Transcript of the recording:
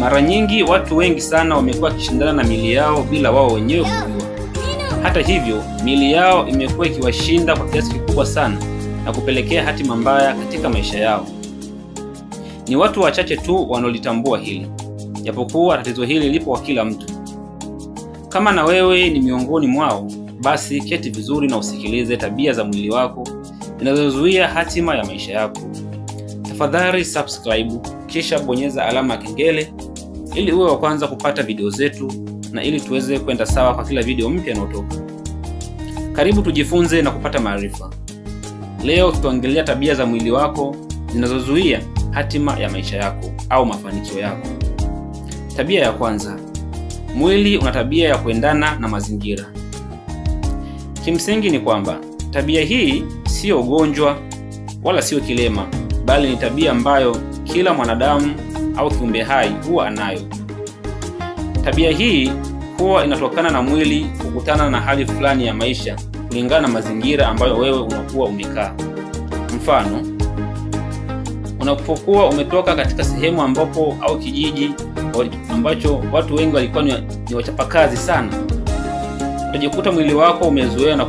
Mara nyingi watu wengi sana wamekuwa wakishindana na miili yao bila wao wenyewe kujua. Hata hivyo, miili yao imekuwa ikiwashinda kwa kiasi kikubwa sana na kupelekea hatima mbaya katika maisha yao. Ni watu wachache tu wanaolitambua hili, japokuwa tatizo hili lipo kwa kila mtu. Kama na wewe ni miongoni mwao, basi keti vizuri na usikilize tabia za mwili wako zinazozuia hatima ya maisha yako. Tafadhali subscribe kisha bonyeza alama ya kengele ili uwe wa kwanza kupata video zetu na ili tuweze kwenda sawa kwa kila video mpya inayotoka. Karibu tujifunze na kupata maarifa. Leo tutaongelea tabia za mwili wako zinazozuia hatima ya maisha yako au mafanikio yako. Tabia ya kwanza, mwili una tabia ya kuendana na mazingira. Kimsingi ni kwamba tabia hii siyo ugonjwa wala sio kilema, bali ni tabia ambayo kila mwanadamu au kiumbe hai huwa anayo. Tabia hii huwa inatokana na mwili kukutana na hali fulani ya maisha kulingana na mazingira ambayo wewe unakuwa umekaa. Mfano, unapokuwa umetoka katika sehemu ambapo au kijiji ambacho watu wengi walikuwa ni wachapakazi sana, utajikuta mwili wako umezoea na